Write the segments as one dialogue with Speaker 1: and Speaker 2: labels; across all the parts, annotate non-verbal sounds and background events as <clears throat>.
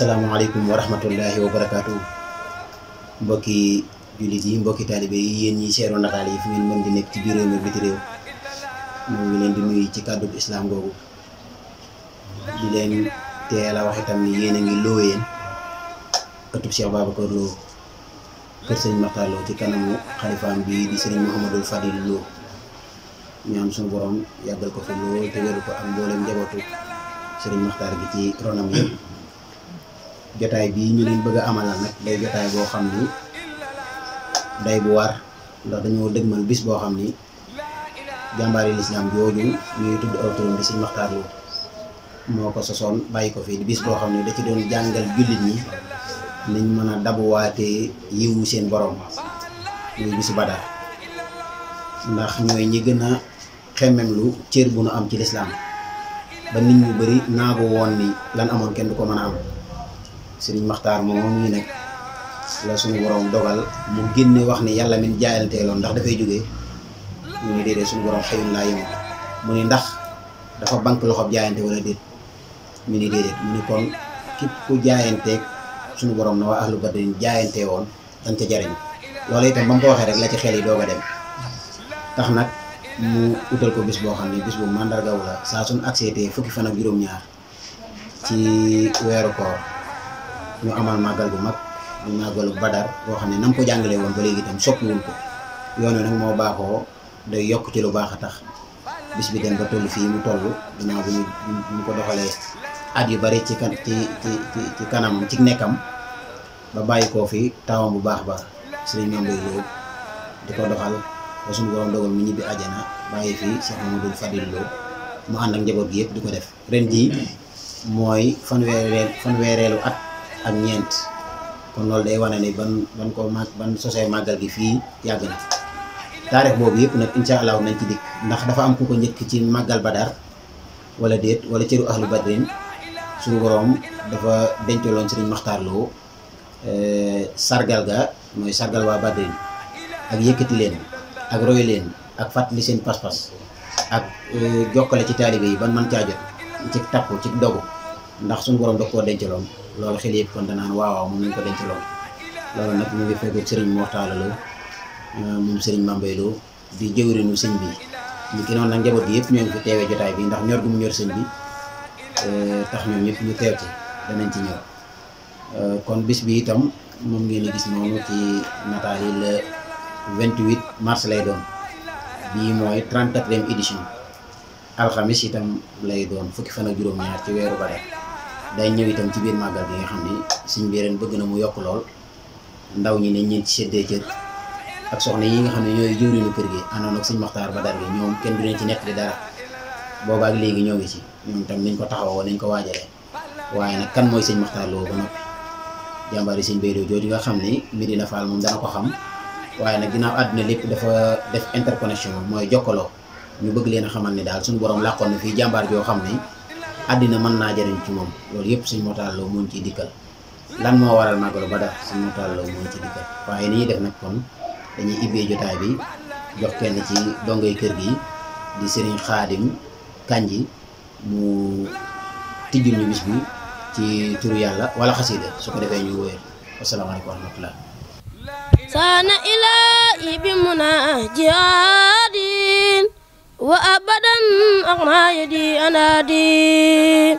Speaker 1: Assalamualaikum warahmatullahi wabarakatuh. wa barakaatu mbokki jullit yi mbokki taalibe yi yeen yi seeroo nataal yi fu ngeen mën di nek ci biir réew mi biti réew moo ngi leen di nuyu ci kàddu islam googu di leen teel wax itam ni yeen ngi looyeen Cheikh Babacar Lo kër sëñ Lo ci kanamu xalifaam bi di sëriñ Mouhamadou Fadil Lo ñaam suñu borom yagal ko fi lo te wéru ko am mboolem njabootu sëriñ Makhtar bi ci ronam yëpp jataay bii ñu leen bëgg amal amalal nag day jataay boo xam ni day bu war ndax dañoo dëgmal bis boo xam ni jàmbaari lislaam jooju ñuy tudd aw turam di Maxtaar Lo moo ko sosoon bàyyi ko fii di bis boo xam ne da ci doon jàngal jullit ñi niñ mën a dabuwaatee yiwu seen borom muy bisu Badar ndax ñooy ñi gën a xemmem lu cër bu nu am ci lislaam ba nit ñu bëri naagu woon ni lan amoon kenn du ko mën a am sëriñ Maxtaar moom moom ñu nekk la suñu borom dogal mu génne wax ni yàlla min jaayanteeloon ndax dafay jóge mu ne déedéet suñu borom xëyul laa yëngu mu ni ndax dafa banque loxob jaayante wala déedéet mu ne kon képp ku jaayanteeg suñu boroom na waa ahlu badrin jaayantee woon dañ ca jariñ loolu itam ba ko waxee rek la ci xel yi doog a dem tax nag mu utal ko bis boo xam ne bis bu mandargawu la saa suñu accepté fukki fan ak juróom-ñaar ci weeru koor ñu amal màggal bu mag ñu màggalu badar boo xam ne na ko jàngalee woon ba léegi itam soppiwul ko yoon wi nag moo baaxoo day yokk ci lu baax a tax bis bi dem ba toll fii mu toll ginnaaw bi ñu ko doxalee at yu bari ci kan ci ci kanam ci nekkam ba bàyyi koo fi tawam bu baax ba sëriñ Mame di ko doxal ba suñu borom mu ñibbi àjjana bàyyi fii Cheikh Mamadou Fadil Lo mu ànd ak njaboot yëpp di ko def ren jii mooy fanweereelu at. ak ñent kon lool day wane ne ban ban ko mag ban sosay magal gi fi yag na tarikh bobu yep nak incha allah nañ ci dik ndax dafa am ku ko ci magal badar wala deet wala ru ahlu badrin suñu borom dafa lon sëriñ makhtar Lo eh, sargal ga moy sargal wa badrin ak yëkkati leen ak roy leen ak seen pas-pas ak eh, jokkale ci taalibe yi ban man caa jot ci tapu ci dogu ndax suñu borom da dencu lon loolu xel yëpp kon danaan waawaaw mun nañ ko denc lool loolu nag mu ngi fekk Serigne Mor Talla Lo euh, moom di jëwrinu sëñ bi ñu ki noonu nag njaboot gi yëpp ñoo ngi fi jotaay bi ndax ñor gu mu ñor sëñ bi euh, tax ñoom ñu teew ci ci euh, kon bis bi itam moom ngeen di gis ci nataal yi le 28 mars lay doon bii mooy 34e édition alxamis itam lay doon fukki fan ak juróom-ñaar ci weeru bare day ñëw itam ci biir màggal bi nga xam ni suñ biir bëgg na mu yokk lool ndaw ñi ne ñeent ci seddee cër ak soxna yi nga xam ne ñooy jëwriñu kër gi àndoon ak suñ Maxtaar Badar bi ñoom kenn du leen ci nekk di dara ak léegi ñëw ngi ci ñoom tam niñ ko taxawoo niñ ko waajalee waaye nag kan mooy sëñ Maxtaar Lo ba noppi jàmbaari sëñ Bédoo jooju nga xam ni Medina Fall moom dana ko xam waaye nag ginnaaw àdduna lépp dafa def interconnexion mooy jokkaloo ñu bëgg leen a xamal ni daal suñu borom làqoon na fii jàmbaar joo xam ni àddina mën naa jëriñ ci moom loolu yëpp sëñ Mortalla Lo moo ñu ciy dikkal lan moo waral màggalu Badar sëñ Mortalla Lo moo ñu ciy dikkal waaye ni ñuy def nag kon dañuy ibbee jotaay bi jox kenn ci dongay kër gi di sëriñ xaadim kànji mu tijjul ñu bis bi ci turu yàlla wala xasida su ko defee ñu wóor wasalaamaaleykum wa rahmatullah
Speaker 2: sana ilahi وأبدا أغنى يدي أنا دي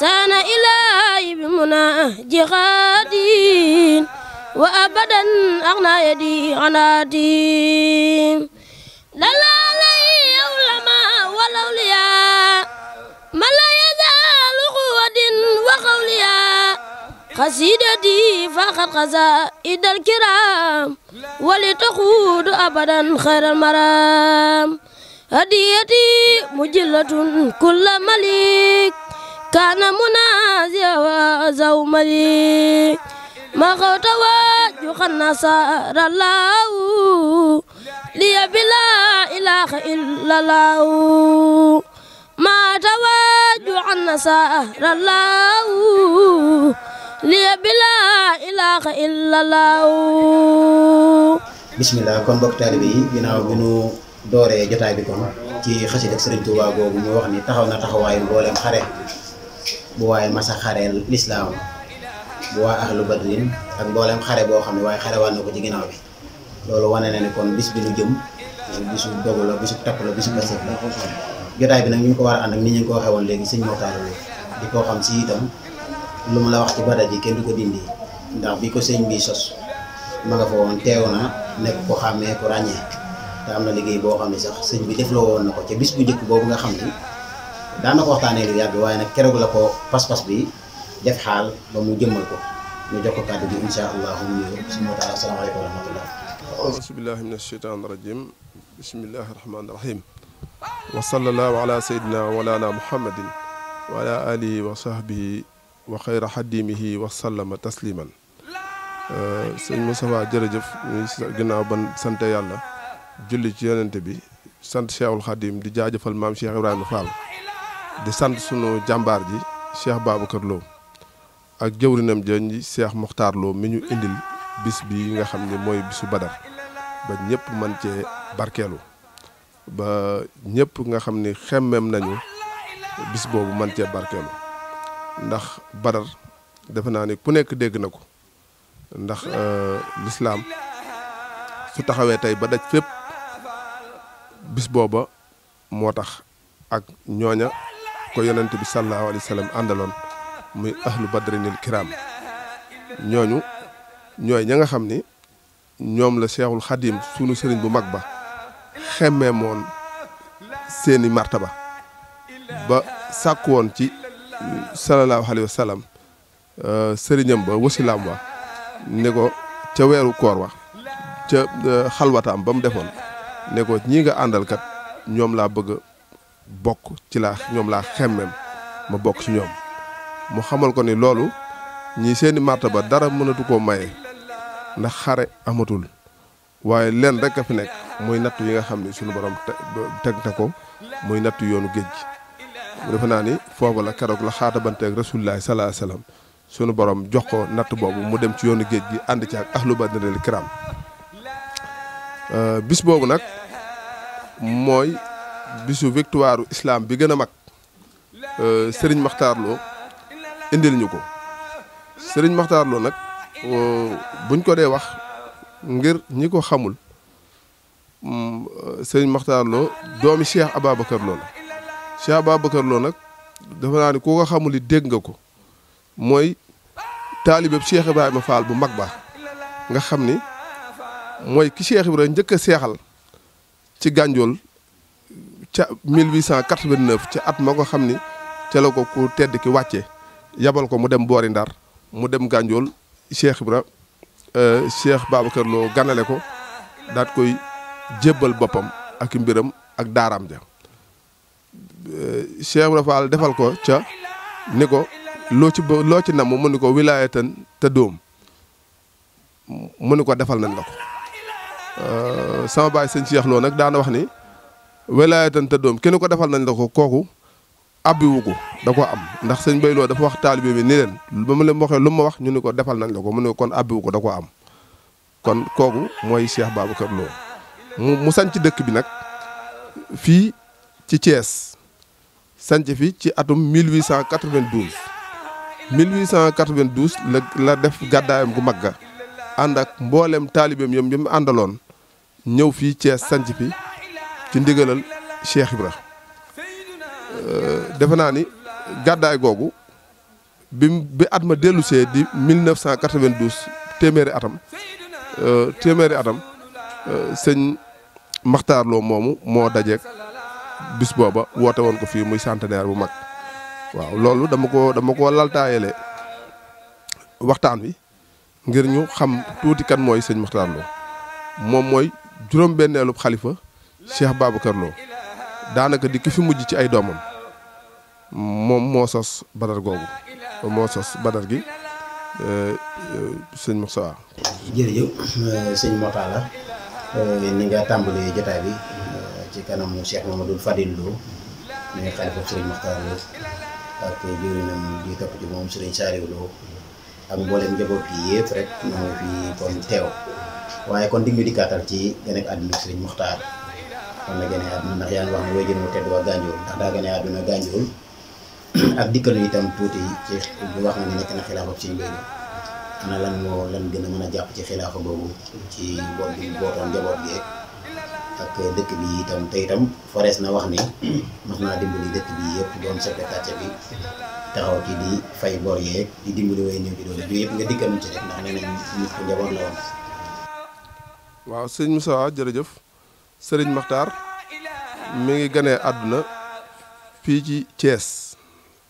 Speaker 2: سان إلهي بمنى جهادي وأبدا أغنى يدي أنا دي لا لا لي علماء والأولياء ما لا يزال قوة وقوليا قصيدتي فقد قصائد الكرام ولتقود أبدا خير المرام هديتي مجلة كل مليك كان منازيا وزو مليك ما خطا وجوخنا سار الله لي بلا إله إلا الله ما توجعنا سار الله lii bilaa ilaaha illallah
Speaker 1: bismillah kon mbokk taalibe yi ginnaaw bi nu dooree jotaay bi kon ci xasida Serigne Touba googu ñu wax ni taxaw na taxawaayu mboolem xare bu waaye masa xareel lislaam bu waa ahlu badrin ak mboolem xare boo xam ne waaye xare waan na ko ci ginnaaw bi loolu wane na ni kon bis bi ñu jëm bisu dogu bisu takku la bisu pasif la jotaay bi nag ko war a ànd ak ni ñu ko waxee woon léegi sëñ Mokhtar Lo di ko xam si itam lu mu la wax ci bada ji kenn du ko dindi ndax bi ko sëñ bi sos ma nga fa woon teew na nekk ko xàmmee ko ràññee te am na liggéey boo xam ne sax sëñ bi defloo woon na bu njëkk boobu nga xam ni daan na ko waxtaanee lu yàgg waaye nag keroog la ko pas-pas bi def xaal ba mu jëmmal ko ñu jox ko kàddu gi incha allah subhaanahu wa taala asalaamaaleykum wa rahmatullah
Speaker 3: auzu billahi min asheytaan rajim bismillahi rahmaani rahim wa sallallahu ala sayyidina wa lana muhammadin wa ala alihi wa sahbihi wa ban sant yàlla julli ci yonente bi sant Cheikhul Khadim di jaajëfal maam Cheikh Ibrahima Fall di sant sunu jàmbaar ji Cheikh Babacar Lo ak jëwrinam jën ji moxtaarloo mi ñu indil bis bi nga xam ne mooy bisu Badar ba ñëpp mën cee barkeelu ba ñëpp nga xam ni xemmem nañu bis boobu mën cee barkeelu ndax Badar defe naa ni ku nekk dégg na ko ndax euh, lislaam su taxawee tey ba daj fépp bis booba moo tax ak ñooña ko yonent bi sallallahu alayhi wasallam andalon muy ahlu badrinil kiram ñooñu ñooy ña nga xam ni ñoom la cheikhul khadim sunu sëriñ bu mag ba seeni martaba ba sàkk woon ci sallallahu alayhi wasallam euh, sëriñam ba wasilaam wa ne ko ca weeru koor wa ca euh, xalwataam ba mu ne ko ñii nga àndal ñoom laa bëgg bokk ci laa ñoom laa xemmem ma bokk ci ñoom mu xamal ko ni loolu ñii seeni ba dara mënatu koo maye ndax xare amatul waaye leen rek a fi nekk muy natt yi nga xam ne suñu borom teg na ko muy nattu yoonu géej gi mu defe naa ni foofu la keroog la xaatabanteeg rasulilah salaa salaam sunu borom jox ko natt boobu mu dem ci yoonu géej gi ànd ci ak ahlu badril kiram Euh, bis boobu nag mooy bisu victoire islaam bi gën a mag euh, sëriñ Maxtaar Lo indil ñu ko sëriñ Maxtaar Lo nag euh, buñ ko dee wax ngir ñi ko xamul mm, sëriñ Maxtaar Lo doomi Cheikh Ababacar Lo la Cheikh nag dafa naa ni ku ko xamul it dégg nga ko mooy taalibeeb Cheikh Ibrahima Fall bu mag ba nga xam ni mooy ki Cheikh Ibra njëkk a seexal ci Gànjool ca 1889 ca at ma ko xam ni ca la ko ku tedd ki wàcce yabal ko mu dem boori Ndar mu dem Gànjool Cheikh Ibra euh, Cheikh Babacar Lo ganale ko daat koy jébbal boppam ak mbiram ak daaraam ja euh, Cheikh Ibra defal ko ca ni ko loo ci loo ci namm mu ni ko wilaayatan te dóom mu ni ko defal nañ la ko Euh, sama baay sëñ Cheikh Lo nag daana wax ni welaayatan te doom kenn ko defal nañ la ko kooku abbiwu ko da ko am ndax sëñ Bay Lo dafa wax taalibe bi ni leen ba mu leen waxee lu ma wax ñu ni ko defal nañ la ko mu ne kon abbiwu ko da ko am kon kooku mooy Cheikh Babacar Lo mu mu sanc dëkk bi nag fii ci Thiès sanc fi ci atum 1892 1892 la la def gàddaayam gu mag ànd ak mboolem taalibeem yom yom àndaloon ñëw fii Thiès sanc fi ci ndigalal Cheikh Ibra euh, defe naa ni gàddaay googu bi at ma dellu see di 1992 téeméeri atam euh, téeméeri atam euh, sëñ Maxtaar Lo moomu moo dajeeg bis booba woote woon ko fii muy centenaire bu mag waaw loolu dama ko dama ko laltaayele waxtaan wi ngir ñu xam tuuti kan mooy sëñ Maxtaar Lo moom mooy juróom-benneelu xalifa Cheikh Babacar Lo daanaka di ki fi mujj ci ay doomam moom moo sos badar googu moo sos badar gi euh, euh, sëñ Moussa. jërëjëf euh, sëñ
Speaker 1: Motala ni nga tàmbalee jotaay bi ci kanamu Cheikh Mamadou Fadil Lo mi nga xalifa sëriñ Maxtaar Lo ak jëwriñam di topp ci moom sëriñ Saariw ak mboolem njaboot yi yëpp rek ñoo fi kon teew waaye kon di ñu ci gane àdduna sëriñ Muxtaar kon la gane àdduna ndax yaa ngi wax ne wéy jën mu tedd waa Gànjool ndax daa gane àdduna Gànjool <clears throat> ak dikkalu ci bu wax nga lan moo lan a mën ci xilaafa boobu ci boot bi bootoon njaboot dëkk bi itam te itam forees na wax ni <clears throat> mas naa dimbali dëkk bi yëpp doon secrétaire bi taxaw ci di fay bor yeeg di dimbali way néew di
Speaker 3: waaw sëñ Moussa jërëjëf sëriñ Maxtaar mi ngi ganee àdduna fii ci cees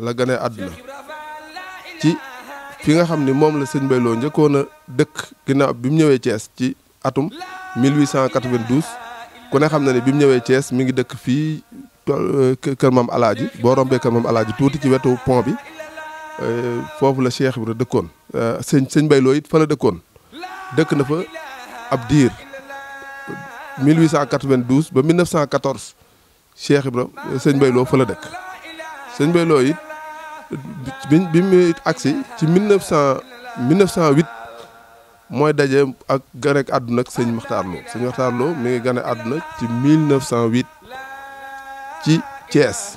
Speaker 3: la ganee àdduna ci fi nga xam ni moom la sëñ Bayloo njëkkoon a dëkk ginnaaw bi mu ñëwee Thiès ci atum 1892. ku ne xam na ne bi mu ñëwee cees mu ngi dëkk fii kër maam alaaji boo rombee kër maam alaaji tuuti ci wetu pont bi euh, foofu la bi Ibra dëkkoon euh, sëñ sëñ Bayloo it fa la dëkkoon dëkk na fa ab diir 1892 ba 1914 Cheikh Ibra sëñ Bayloo fa la dëkk sëñ Bayloo it bi bi mu agsi ci 1900 1908 mooy daje ak gane àdduna sëñ Maxtaar Lo sëñ Maxtaar Lo mi ngi gane àdduna ci 1908 ci Thiès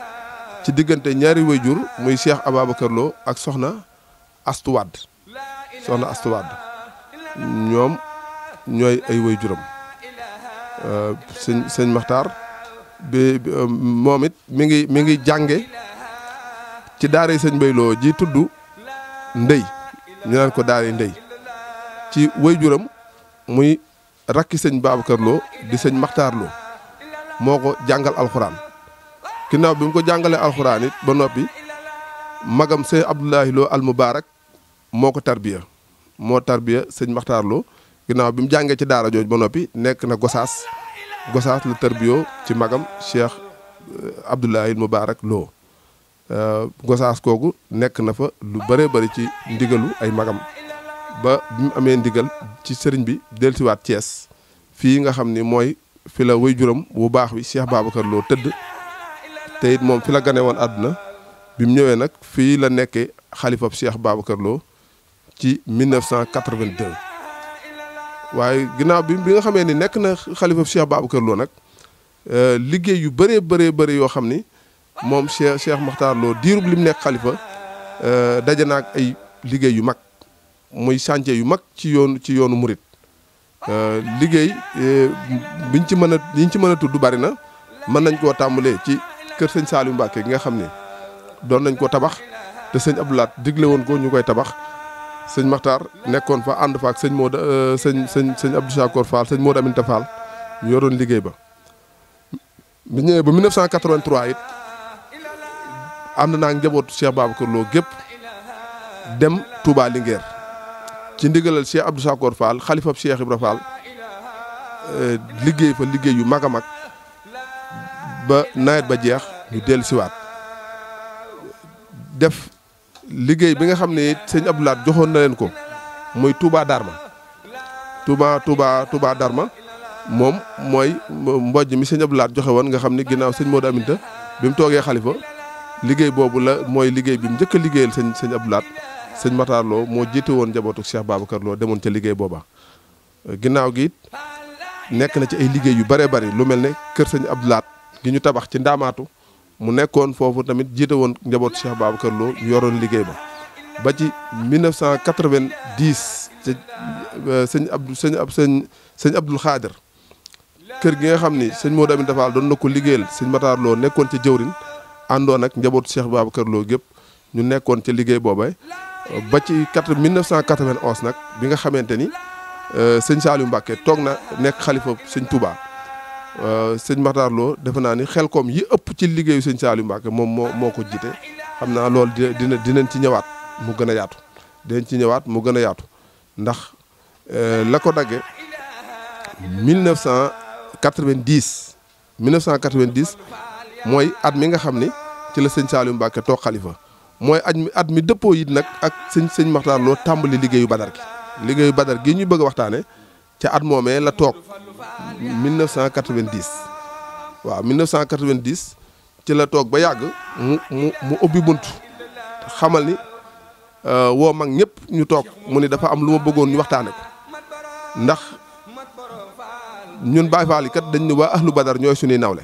Speaker 3: ci diggante ñaari wayjur muy Cheikh Ababacar Lo ak soxna Astuwad soxna Astuwad ñoom ñooy ay wayjuram juram sëñ maxtar bi euh, moom it mi ngi mi ngi jànge ci daara sëñ Mbaye Lo ji tudd Ndey ñu naan ko daara Ndey ci waajuram muy rakki sëñ Babacar Lo di sëñ Maxtaar Lo moo ko jàngal alxuraan ginnaaw bi mu ko jàngalee alxuraan ba noppi magam sëñ Abdoulahi Lo al Mubaarak moo ko tarbiya moo tarbiya sëñ Maxtaar Lo ginnaaw bi mu jàngee ci daara jooju ba noppi nekk na gosaas gosaas lu tarbiyoo ci magam Cheikh eh, Abdoulahi al Mubaarak Lo eh, gosaas kooku nekk na fa lu bëree bëri ci ndigalu ay magam ba bi mu amee ndigal ci sëriñ bi dellusiwaat Thiès fii nga xam ni mooy fi la way juróom wu baax bi Cheikh Babacar Lo tëdd te moom fi la gane woon àdduna bi mu ñëwee nag fii la nekkee xalifab Cheikh Babacar Lo ci 1982 waaye ginnaaw bi bi nga xamee ni nekk na xalifab Cheikh Babacar Lo nag euh, liggéey yu bëree bëree bëri yoo xam ni moom Cheikh Cheikh Makhtar Lo diirub li mu nekk xalifa euh, daje na ak ay liggéey yu mag muy chantier yu mag ci yoonu ci yoonu murit euh, liggéey euh, biñ ci mën a liñ ci mën a tudd bari na mën nañ koo tàmbalee ci kër sëñ Saliou Mbacke gi nga xam ne doon nañ ko tabax te sëñ Abdou Lahat digle woon ko ñu koy tabax sëñ Makhtar nekkoon fa ànd fa ak sëñ Modou euh, sëñ sëñ sëñ Abdou Chakor Fall sëñ Modou Aminta Fall ñu yoroon liggéey ba. bi ñëwee ba 1983 it ànd naa njabootu Cheikh Babacar Lo gépp dem Touba Linguère. ci ndigalal Cheikh Abdou Sakor Fall xalifab Cheikh Ibra Fall euh, liggéey fa liggéey yu mag a mag ba nawet ba jeex ñu dellu siwaat def liggéey bi nga xam ne sëñ Abdou joxoon na leen ko muy Touba Darma Touba Touba Touba Darma moom mooy mbojj mi sëñ Abdou Lahad joxe woon nga xam ne ginnaaw sëñ Modou Aminta bi mu toogee xalifa liggéey boobu la mooy liggéey bi njëkk a liggéeyal sëñ sëñ sëñ Matar moo jiite woon njabootu Cheikh Babacar kërloo demoon ca liggéey booba ginnaaw gi nekk na ci ay liggéey yu bëree bëri lu mel ne kër sëñ Abdou Lahat gi ñu tabax ci ndaamaatu mu nekkoon foofu tamit jiite woon njabootu Cheikh Babacar Lo yoroon liggéey ba ba ci 1990 ca euh, sëñ Abdou sëñ ab sëñ sëñ Abdoul Xaadir kër gi nga xam ni sëñ Modou Amin Dafaal doon na ko liggéeyal sëñ Matar nekkoon ca jëwriñ àndoon ak njabootu Cheikh Babacar kërloo gépp ñu nekkoon ca liggéey boobay ba ci quatre 1991 nag bi nga xamante ni euh, sëñ Saliou Mbacké toog na nekk xalifa sëñ Touba euh, sëñ Matar Lo defe naa ni xel koom yi ëpp ci liggéeyu sëñ Saliou Mbacké moom moo moo ko jiite xam naa loolu dina dinañ ci ñëwaat mu gën a yaatu dinañ ci ñëwaat mu gën a yaatu ndax euh, la ko dagge 1990 1990 mooy at mi nga xam ni ci la sëñ Saliou Mbacké toog xalifa mooy at mi at mi dëppoo it nag ak sëñ sëñ Maxtaar Lo tàmbali liggéeyu badar gi liggéeyu badar gi ñuy bëgg waxtaane ca at moomee la toog 1990 waaw 1990 ci la toog ba yàgg mu mu ubbi bunt xamal ni euh, woo mag ñëpp ñu toog mu ni dafa am lu ma bëggoon ñu waxtaane ko ndax ñun Baay Faal yi kat dañ ne waa ahlu badar ñooy suñuy nawle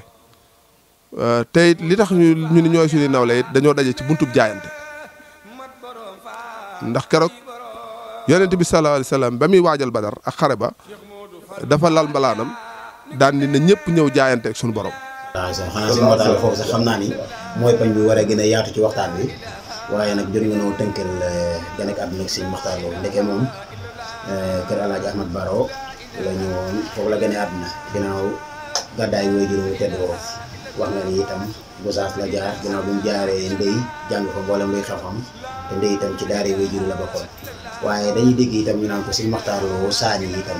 Speaker 3: Euh, tey li tax ñu ni ñooy suñu nawle dañoo daje ci buntub jaayante ndax keroog yonent bi sallallahu alayhi ba muy waajal badar ak xare ba dafa lal mbalaanam daan ni na ñëpp ñëw jaayante ak suñu borom.
Speaker 1: waaw ah, sax xanaa si ni
Speaker 3: mooy pañ bi war a gën a yaatu
Speaker 1: ci waxtaan bi waaye nag jot nga noo tënkal eh, gën àdduna ak sëñ Maxtaar loolu moom eh, kër El Hadj Ahmad Baro la ñëwoon foofu la gën a àdduna ginnaaw gàddaay yooyu juróom tedd woo wax na ni itam Gosaas la jaar ginnaaw bu mu jaaree ndey jàng fa mboolem luy xam-xam te ndey itam ci daare waajur la bokkoon waaye dañuy dégg itam ñu naan ko si Maxtaar Lo saañ yi itam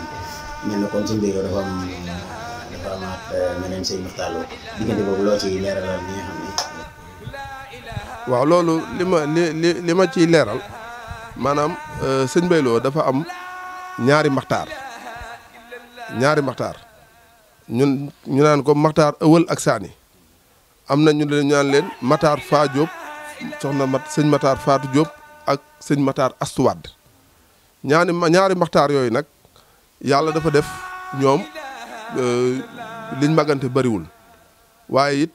Speaker 1: mel na kon si mbir dafa am eh,
Speaker 3: loolu li ma ma ciy leeral maanaam eh, sëñ dafa am ñaari maxtaar ñaari maxtaar ñun ñu naan ko maxtaar ëwël ak saani amna ñu leen ñaan leen Matar fa sen soxna mat sëñ Matar Faatu job ak sëñ Matar Astuwad ñaani ñaari maxtaar yoy nak yalla dafa def euh liñ magante wul waye it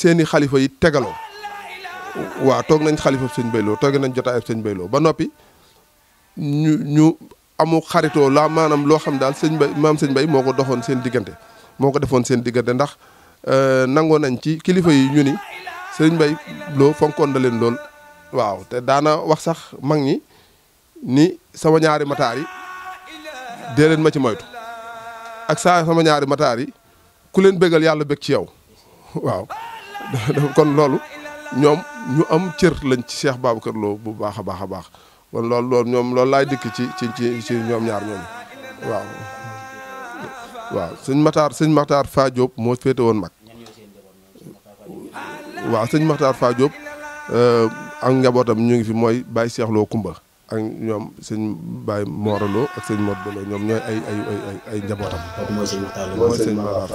Speaker 3: seeni khalifa yi tegaloo wa tok nañ khalifa sëñ beylo tok nañ jotay sëñ beylo ba nopi ñu ñu amu xarito la manam lo xam dal sëñ mam maam sen Bay moo ko seen diggante moko defone seen diggante ndax Euh, nangoo nañ ci kilifa yi ñu ni sëriñ Mbaye Lo fonkoon na leen lool waaw te daana wax sax mag ñi ni sama ñaari mataar yi dee leen ma ci moytu ak saa sama ñaari mataar yi ku leen bégal yàlla bég ci yow <laughs> waaw <laughs> kon loolu ñoom ñu am cër lañ ci Cheikh kër Lo bu baax a baax a baax kon lool ñoom loolu laay dikk ci ci ci ci ñoom ñaar ñoom waaw waaw sëñ Matar sëñ Matar Fa Diop moo féete woon mag waaw sëñ Matar Fa Diop euh, ak njabootam ñu ngi fi mooy Baye seexloo Lo Kumba ak ñoom sëñ Baye Moralo ak sëñ ay ay njabootam. mooy sëñ Matar la mooy sëñ waaw.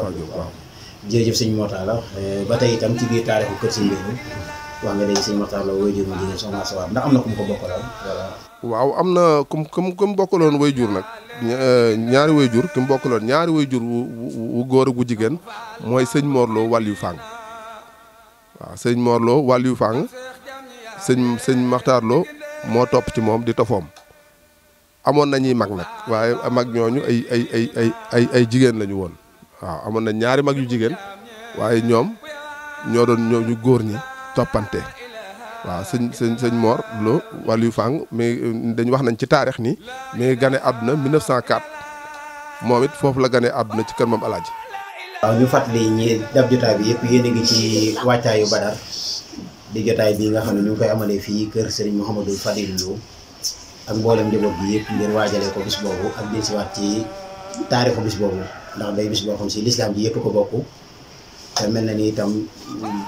Speaker 3: am na ku mu ko na ku mu ku mu bokkaloon way jur nag. ñaari way jur ki mu bokkaloon ñaari way jur wu góor gu jigéen mooy sëñ Morlo wàll yu fàng waaw sëñ Morlo wàll yu fàng sëñ sëñ Maxtaar Lo moo topp ci moom di tofoom amoon nañuy mag nag waaye mag ñooñu ay ay ay jigéen lañu woon waaw amoon nañ ñaari mag yu jigéen waaye ñoom ñoo doon ñoo ñu góor ñi toppante waaw sëñ sëñ sëñ Mor Lo wàllu fang mais euh, dañu wax nañ ci taarix ni mais gane àdduna 1904 moom it foofu la gane àdduna ci kër moom alaaji waaw ñu fàttali ñi dab jotaay bi yëpp yéen a ngi ci wàccaayu
Speaker 1: Badar di jotaay bi nga xam ne ñu ngi koy amalee fii kër sëriñ Mouhamadou Fadil Lo ak mboolem njaboot bi yëpp ngeen waajalee ko bis boobu ak dellusiwaat ci taarixu bis boobu ndax day bis boo xam si lislaam bi yëpp ko bokk te mel na ni itam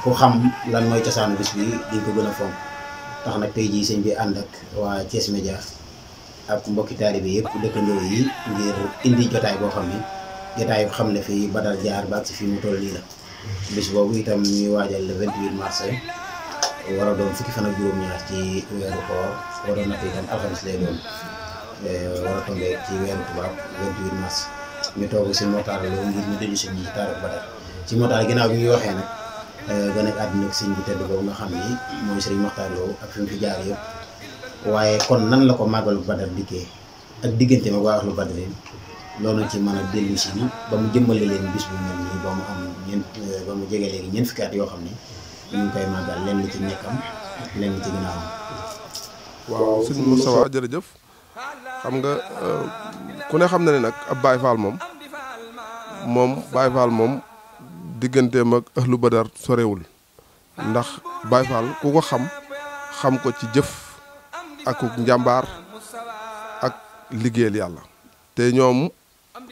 Speaker 1: ku xam lan mooy cosaan bis bi diñ ko gën a fonk tax nag tey ji sëñ bi ànd ak waa Thiès Média ak mbokki taalibe yëpp dëkkandoo yi ngir indi jotaay boo xam ne jotaay bu xam ne fii badal jaar ba ak si fii mu toll nii la bis boobu itam ñuy waajal le 28 mars war a doon fukki fan ak juróom-ñaar ci weeru koor waroon na ko itam alxames lay doon war a ci weeru tubaab 28 mars ñu toog si moo taaraloo ngir ñu dellu si ci ci moo tax ginnaaw bi ñuy waxee nag euh, gën a àdduna ak sëñ bu tedd boobu xam ni mooy sëriñ Maxtaar waaye kon nan la ko màggalu Badar dikkee ak diggante ma waa lu Badar loolu ci mën a dellu si leen bis bu mel nii ba mu am euh, xam ne ñu ci nekkam ak lenn ci ginnaawam.
Speaker 3: waaw nga euh, ku ne xam na ne nag ab Baye Fall moom moom Baye Fall moom. digganteem ak ahlu badar sorewul ndax Baye Fall ku ko xam xam ko ci jëf ak njàmbaar ak liggéeyal yàlla te ñoom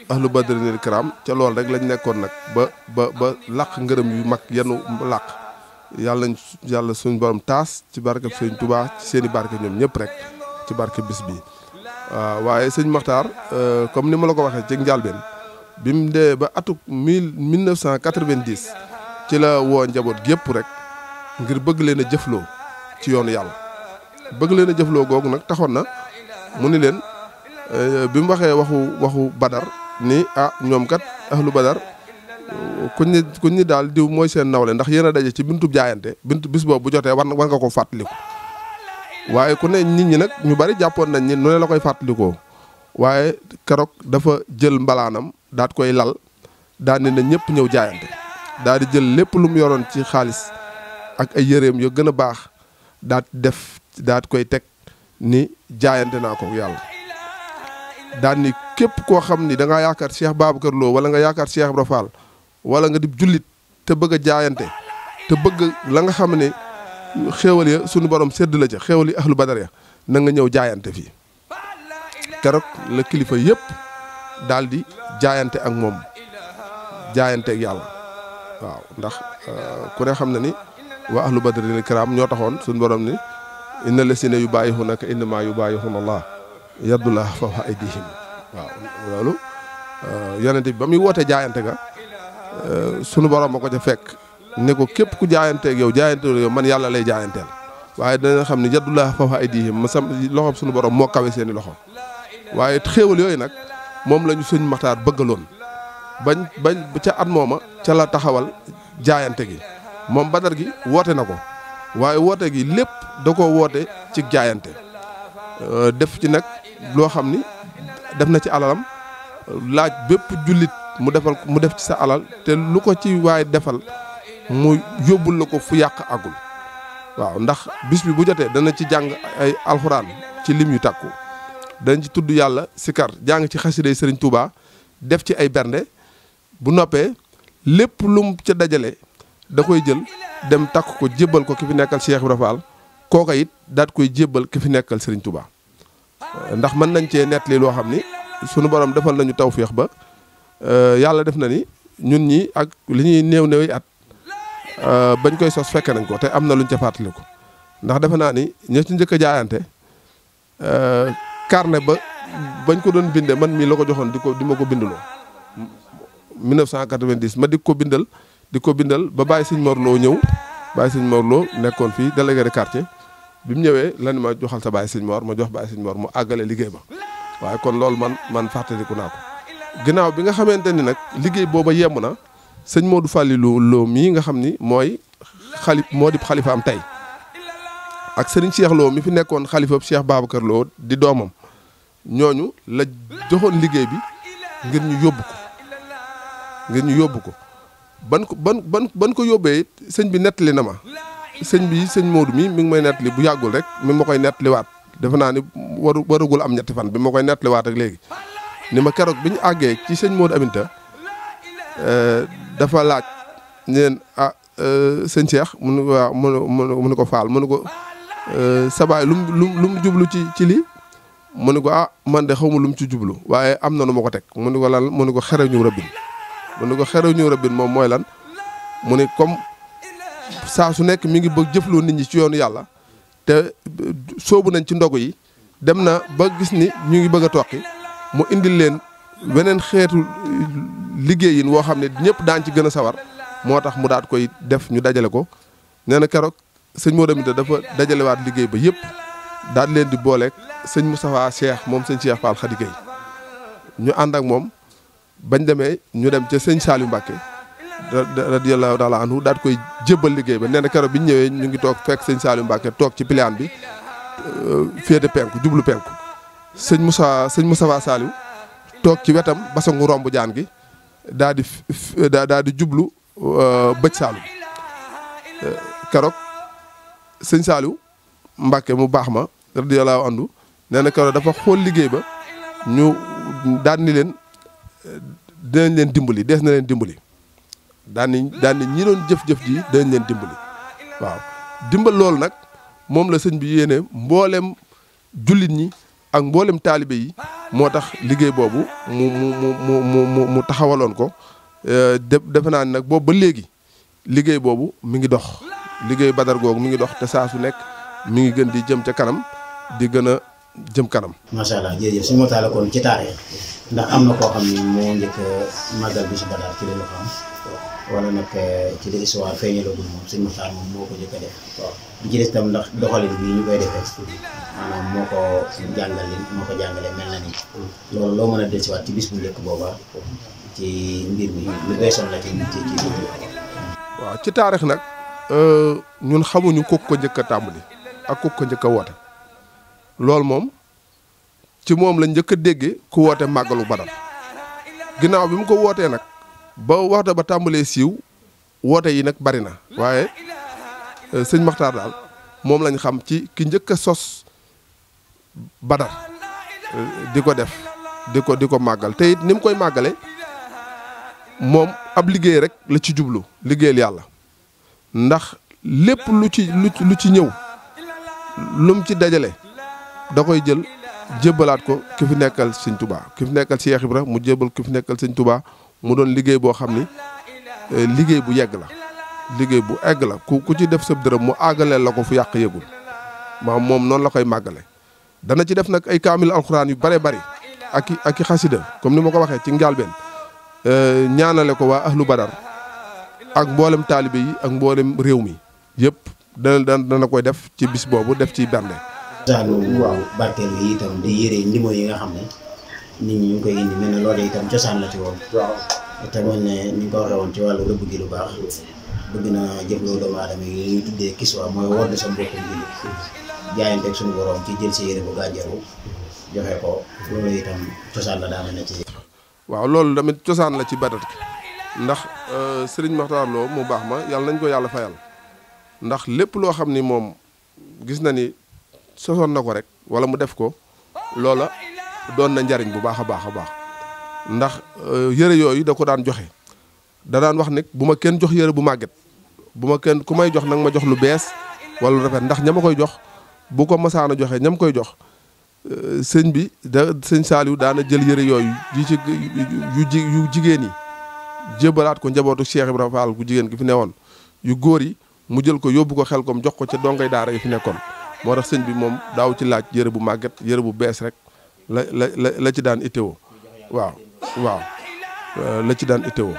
Speaker 3: ahlu badrinil kiram ca lool rek lañ nekkoon nag ba ba ba làq ngërëm yu mag yenu làq yàlla yàlla suñ borom taas ci barke sëñ Tuubaa ci seen i barke ñoom ñëpp rek ci barke bis bi waaye sëñ Maxtaar euh, comme ni ma la ko waxee ci njàlbeen bi mu dee ba atuk mille mille neuf cent quatre vingt ci la woo njaboot gi yëpp rek ngir bëgg leen a jëfloo ci yoonu yàlla bëgg leen a jëfloo googu nag taxoon na mu ni leen euh, bi mu waxee waxu waxu badar ni a ah, ñoom kat ahlu badar kuñ ni kuñ ni daal diw mooy seen nawle ndax yéen a daje ci bintub jaayante bintu bis boobu bu jotee war war nga ko fàttaliku waaye ku ne nit ñi nag ñu bari jàppoon nañ ni nu ne la koy fàttalikoo waaye keroog dafa jël mbalaanam daat koy lal daal ne na ñëpp ñëw jaayante daal di jël lépp lu mu yoroon ci xaalis ak ay yëreem yu gën a baax daat def daat koy teg ni jaayante naa ko yàlla daal ni képp koo xam ni danga yaakaar Cheikh Babacar Lo wala nga yaakaar Cheikh Ibra Fall wala nga di jullit te bëgg a jaayante te bëgg la nga xam ne xéewal ya sunu borom sedd la ca xéewal yi ahlu badar ya na nga ñëw jaayante fii keroog la kilifa yëpp dal di jaayante ak moom jaayante yàlla waaw ndax euh, ku ne xam na ni waa ahlu badrin kiram ñoo taxoon suñu borom ni inna lasina yu bàyyi xunaka innama yu bàyyi xun allah yadullah fawqa aydihim waaw loolu euh, yonente bi ba muy woote jaayante ga euh, sunu borom ma ko ca fekk ne ko képp ku jaayanteeg yow jaayanteeg yow man yàlla lay jaayanteel waaye a xam ne yadullah fawqa aydihim ma sam loxob sunu borom moo kawe seeni loxo waaye xéewal yooyu nag moom lañu ñu sëñ maxtaar bëggaloon bañ bañ ca at mooma ca la taxawal jaayante gi moom badar gi woote na ko waaye woote gi lépp da ko woote ci jaayante euh, def ci nag loo xam ni def na ci alalam laaj bépp jullit mu defal mu def ci sa alal te lu ko ci waaye defal mu yóbbul la ko fu yàq agul waaw ndax bis bi bu jotee dana ci jàng ay alxuraan ci lim yu takku dañ ci tudd yàlla sikar jàng ci xasiday sëriñ Touba def ci ay bernde bu noppee lépp lum ca dajale da koy jël dem takk ko jébbal ko ki fi nekkal Cheikh Ibra Fall kooka it daat koy jébbal ki fi nekkal sëriñ Touba ndax mën nañ cee nettali loo xam ni sunu borom defal nañu taw tawféex ba euh, yàlla def na ni ñun ñi ak li ñuy néew néew yi at euh, bañ koy sos fekke nañ ko te am na luñ ca ko ndax defe naa ni ñoo ci njëkk a jaayante euh, carnet ba bañ ko doon bindee man mii la ko joxoon di ko di ma ko bindaloo 1990 ma di ko bindal di ko bindal ba Baye Sëñ Mor Lo ñëw Baye Sëñ Mor nekkoon fii délégué de bi mu ñëwee lan ma joxal sa Baye Sëñ Mor ma jox Baye Sëñ Mor mu àggale liggéey ba waaye kon loolu man man fàttaliku naa ko. ginnaaw bi nga xamante ni nag liggéey booba yemb na sëñ Modou Fallilou Lo mii nga xam ni mooy xali moo di xalifaam tey ak sëriñ Cheikh Lo mi fi nekkoon xalifa Cheikh Babacar Lo di doomam ñooñu la joxoon liggéey bi ngir ñu yóbbu ko ngir ñu yóbbu ko ban ko ban ban ban ko yóbbee sëñ bi nettali na ma sëñ bi sëñ Modou mi mi ngi may nettali bu yàggul rek mi ma koy nettaliwaat defe naa ni waru warugul am ñetti fan bi ma koy nettaliwaat ak léegi ni ma keroog bi ñu àggee ci sëñ Modou Aminta euh, dafa laaj neen ah euh, sëñ Cheikh mu ne waaw mu ne ko faal mu ne ko euh, sabaay lu lu jublu ci ci li mu ni ko ah man de xaw ma lu mu ci jublu waaye am na nu ma ko teg mu ni ko lan mu ni ko xerew ñëw rëbbin mu ni ko xerew ñëw rëbbin moom mooy lan mu ni comme saa su nekk mi ngi bëgg jëfloo nit ñi ci yoonu yàlla te soobu nañ ci ndogu yi dem na ba gis ni ñu ngi bëgg a toqi mu indil leen weneen xeetu liggéeyin woo xam ne ñëpp daan ci gën a sawar moo tax mu daat koy def ñu dajale ko nee na keroog sëñ Modou Aminta dafa dajalewaat liggéey ba yëpp daal leen di booleeg sëñ Moustapha Cheikh moom sëñ Cheikh Fall Khady Gueye ñu ànd ak moom bañ demee ñu dem ca sëñ Saliou Mbacké radiyallahu taala anhu daal koy jébbal liggéey ba nee na keroog bi ñu ñëwee ñu ngi toog fekk sëñ Saliou Mbacké toog ci pilaan bi euh, féete jublu penku sëñ Moussa sëñ Moustapha Saliou toog ci wetam basangu romb jaan gi daal di daal di jublu euh, bëj Saliou euh, keroog sëñ Saliou Mbacké mu baax ma radiyallaahu anhu nee na keroog dafa xool liggéey ba ñu daan leen dinañ leen dimbali dees na leen dimbali daan ni daan ñi doon jëf-jëf ji dañ leen dimbali waaw dimbal loolu nag moom la sëñ bi yéene mboolem jullit ñi ak mboolem taalibe yi moo tax liggéey boobu mu mu mu mu mu taxawaloon ko eh, de defe naa ni nag boobu ba léegi liggéey boobu mi ngi dox liggéey badar googu mi ngi dox te saa su nekk mu ngi gën di jëm ca kanam di gëna jëm kanam. macha allah jërëjëf suñu taala kon ci taarix
Speaker 1: ndax amna ko xamni mo ne moo njëkk bi ci badal ci lu xam wala nak eh, ci li histoire lu mom suñu motaal mom moko jëk def di jëlé tam ndax doxalin bi ñu koy defee maanaam moo ko jàngale moo ko jàngale mel na ni loolu loo mën a delsiwaat ci bis bu njëkk boba ci
Speaker 3: mbir mi lu beesoon
Speaker 1: la ci nit ci
Speaker 3: wa ci tarikh nak euh ñun xamuñu ko ko jëk a tàmbali ak ko ko jëk wota woote loolu moom ci moom la njëkk a déggee ku woote màggalu badar ginnaaw bi mu ko wootee nag ba waxta ba tàmbalee siiw woote yi nag bari na waaye euh, sëñ Maxtaar daal moom lañ xam ci ki njëkk a sos badar euh, di ko def di ko di ko màggal tey it ni mu koy màggale moom ab liggéey rek la ci jublu liggéeyal yàlla ndax lépp lu ci lu ci ñëw lum ci dajale da koy jël jébbalaat ko ki fi nekkal sëñ tubaa ki fi nekkal Cheikh Ibra mu jébbal ki fi nekkal sëñ tubaa mu doon liggéey boo xam ni eh, liggéey bu yegg la liggéey bu egg la ku ku ci def sab dërëm mu àggaleel la ko fu yàq yëgul maam moom noonu la koy màggale dana ci def nag ay kaamil alxuraan yu bare bari ak i ak i xasida comme ni ma ko waxee ci njàlbeen eh, ñaanale ko waa ahlu badar ak mboolem taalibe yi ak mboolem réew mi yëpp dana dana koy def ci bis boobu def ci bernde
Speaker 1: saanu waaw barkeel yi itam di yére ndimo yi nga xam ne nit ñi ñu koy indi mel ne loolu itam cosaan la ci woon waaw te mel ne ni nga ko waxee woon ci gi baax bëgg na jëfloo doomu aadama yi ñuy tuddee mooy wodd sa mbokkum bi jaayanteeg suñu borom ci jël si yére bu gàjjaru joxe ko loolu itam cosaan la daa mel ne
Speaker 3: waaw loolu tamit cosaan la ci badat ndax euh, sëriñ Maxtaar Lo mu baax ma yàlla nañ ko yàlla fayal ndax lépp loo xam ni moom gis na ni sosoon na ko rek wala mu def ko loola doon na njariñ bu baax a baax a baax ndax euh, yére yooyu da ko daan joxe da daan wax nag bu ma kenn jox yére bu màgget bu ma kenn ku may jox nag ma jox lu bees wala lu rafet ndax ña ma koy jox bu ko masaana joxe ñam koy jox euh, sëñ bi da sëñ Saaliw daana jël yére yooyu yi ci yu ji yu jigéen yi jébbalaat ko njabootu Cheikh Ibrahima Fall ku jigéen gi fi newoon yu góor yi mu jël ko yóbbu ko xel ko mu jox ko ca dongay daara yi fi nekkoon moo tax sëñ bi moom daaw ci laaj yére bu màgget yëre bu bees rek la la la la ci daan itteewoo waaw waaw euh, la ci daan itteewoo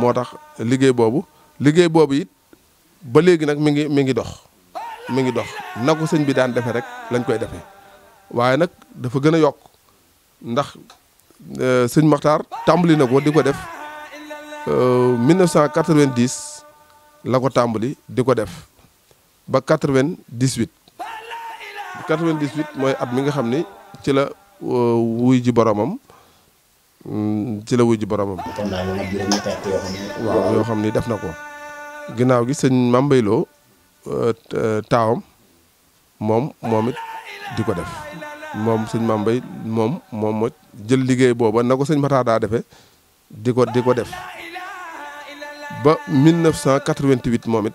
Speaker 3: moo tax liggéey boobu liggéey boobu it ba léegi nag mi ngi mi ngi dox mi ngi dox na ko sëñ bi daan defee rek lañ koy defe waaye nag dafa gën a yokk ndax euh, sëñ Maxtaar tàmbali na ko di ko def 1990 euh, la ko tàmbali di ko def ba quatre-vingt-dix-huit quatre-vingt-dix-huit mooy at mi nga xam ni ci la euh, wuy ji boromam mm, ci la wuy ji boromam. waaw yoo xam ni def na ko. ginnaaw gi sëñ Mame Mbaye euh, euh, taawam moom moom it di ko def moom sëñ Mame moom moom moo jël liggéey booba na ko sëñ Matar daa defee di ko di ko def ba 1988 moom it.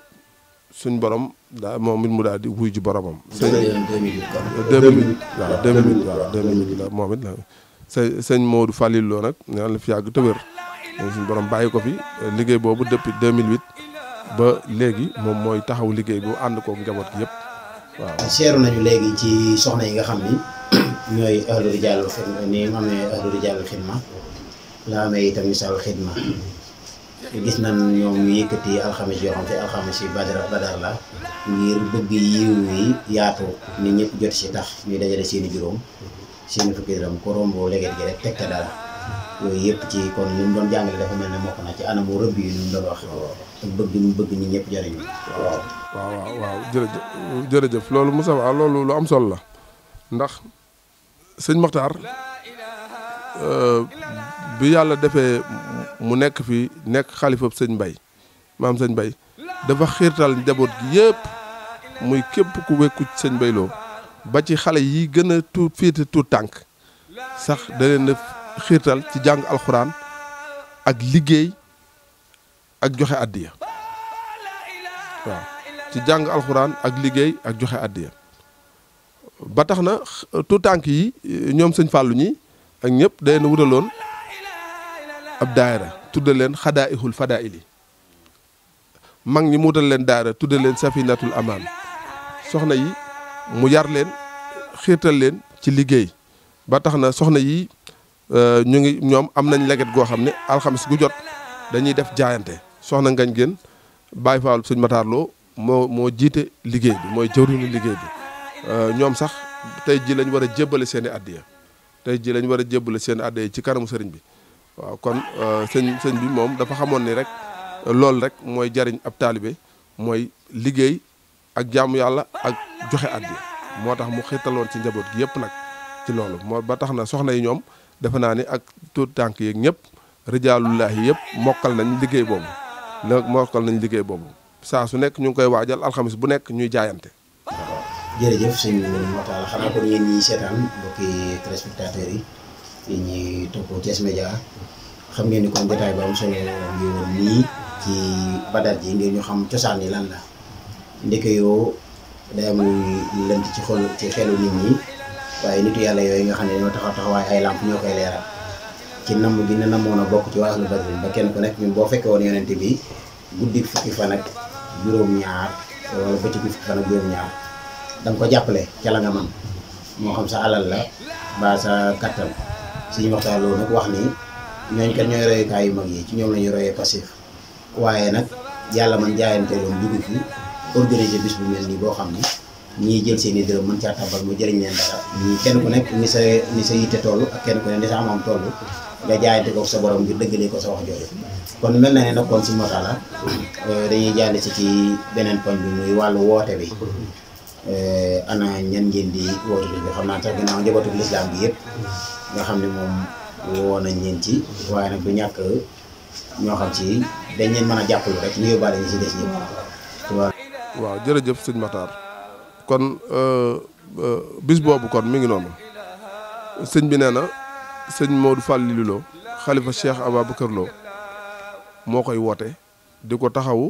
Speaker 3: suñ borom daa moom it mu daal di wuy ji boromam. sëñ deux minutes waaw deux la moom it sëñ sëñ Modou Fallil loo nag ñaan la fi yàgg te suñ borom bàyyi ko bi liggéey boobu depuis 2008 ba léegi moom mooy taxaw liggéey bu ànd koog njaboot gi yëpp waaw. Ah, seeru nañu léegi ci soxna yi nga xam ni
Speaker 1: <coughs> ñooy ahlu rijal xidma ni amee itam misaal xidma gis na ñoom ñu yëkkati alxames yoo xam te alxames yi badar badar la ngir bëgg yiw yi yaatu nit ñëpp jot si tax ñuy dajale seeni juróom seeni fukki dërëm ko romb leget gi rek teg te dara yooyu yëpp ci kon li mu doon jàngale dafa mel ne mokk na ci anamu rëbb yi ñu bëgg mu bëgg nit ñëpp jariñu
Speaker 3: waaw waaw waaw jërëjëf jërëjëf loolu Moussa waaw loolu lu am solo la ndax sëñ Maxtaar euh, bi yàlla defee mu nekk fi nekk xalifa sëñ Mbay maam sëñ Mbay dafa xiirtal njaboot gi yëpp muy képp ku wékku sëñ Mbay loo ba ci xale yi gën a tuut féete tànk sax da leen def xiirtal ci jàng alxuraan ak liggéey ak joxe addiya waaw ci jàng alxuraan ak liggéey ak joxe addiya ba tax na tuut tànk yi ñoom sëñ Fàllu ñi ak ñëpp da leen wutaloon ab daayira tudda leen xadaa ihul fadaa ili mag ñi muutal leen daara tudda leen safinatul amaan soxna yi mu yar leen xiirtal leen ci liggéey ba tax na soxna yi euh, ñu ngi ñoom am nañ leget goo xam ne alxames gu jot dañuy def jaayante soxna ngañ gën bàyyi faalu suñ mataarloo moo moo jiite liggéey bi mooy jëwriñu liggéey bi euh, ñoom sax tey ji lañ war a jébbale seen i addiya tey ji lañ war a jébbale seen i ci kanamu sëriñ bi waaw kon euh, sëñ sëñ bi moom dafa xamoon ni rek loolu rek mooy jariñ ab taalibe mooy liggéey ak jaamu yàlla ak joxe addi moo tax mu xitaloon ci njaboot gi yëpp nag ci loolu moo ba tax na soxna yi ñoom defe naa ni ak tuut tànk yeeg ñëpp rijaalullahi yëpp mokkal nañ liggéey boobu nag mokkal nañ liggéey boobu saa su nekk ñu ngi koy waajal alxamis bu nekk ñuy jaayante. waaw jërëjëf sëñ
Speaker 1: Matar xam naa kon yéen ñii seetaan mbokki téléspectateurs yi. fii ñuy topp Thiès Média xam ngeen ni kon detaay ba am solo ngi ni ci badal ji ngeen ñu xam cosaan yi lan la ndike yo day am lënt ci xol ci xelu nit ñi waaye nitu yalla yoy nga xam ne ñoo taxaw taxawaay ay lamp ñoo koy leeral ci nam gi na namoon a bokk ci waa badal ba kenn ku nek ñun bo fekkee won yonent bi guddik fukki fa nak juroom ñaar wala bëccëg fukki fa nak juroom ñaar dang ko jappalé ci la nga man mo xam sa alal la ba sa katam suñu waxtaan loolu nag wax ni ñooñ kat ñooy royukaay yu mag yi ci ñoom la ñuy royee passif waaye nag yàlla man jaayante loolu dugg fi organiser bis bu mel boo xam ni ñii jël seen i dërëm mën caa tabal mu jëriñ leen dara ñii kenn ku nekk ni sa ni sa yitte toll ak kenn ku nekk ni sa amam toll nga jaayante ko sa borom ngir dëggalee ko sa wax jooju kon mel na ne nag kon si motala euh, dañuy jàll si ci beneen poñ bi muy wàllu woote bi euh, ana ñan ngeen di woote bi xam naa sax ginnaaw njabootu lislaam bi yëpp nga xam ne moom woo nañ leen ci waaye nag du ñàkk ñoo xam ci dañ leen mën a jàppale rek ñu yóbbaale ñu si des ñëpp
Speaker 3: waaw jërëjëf sëñ Matar kon euh, euh, bis boobu kon mi ngi sëñ bi nee na sëñ Modou Fallilou Lo xalifa Cheikh Ababacar Lo moo koy woote di ko taxawu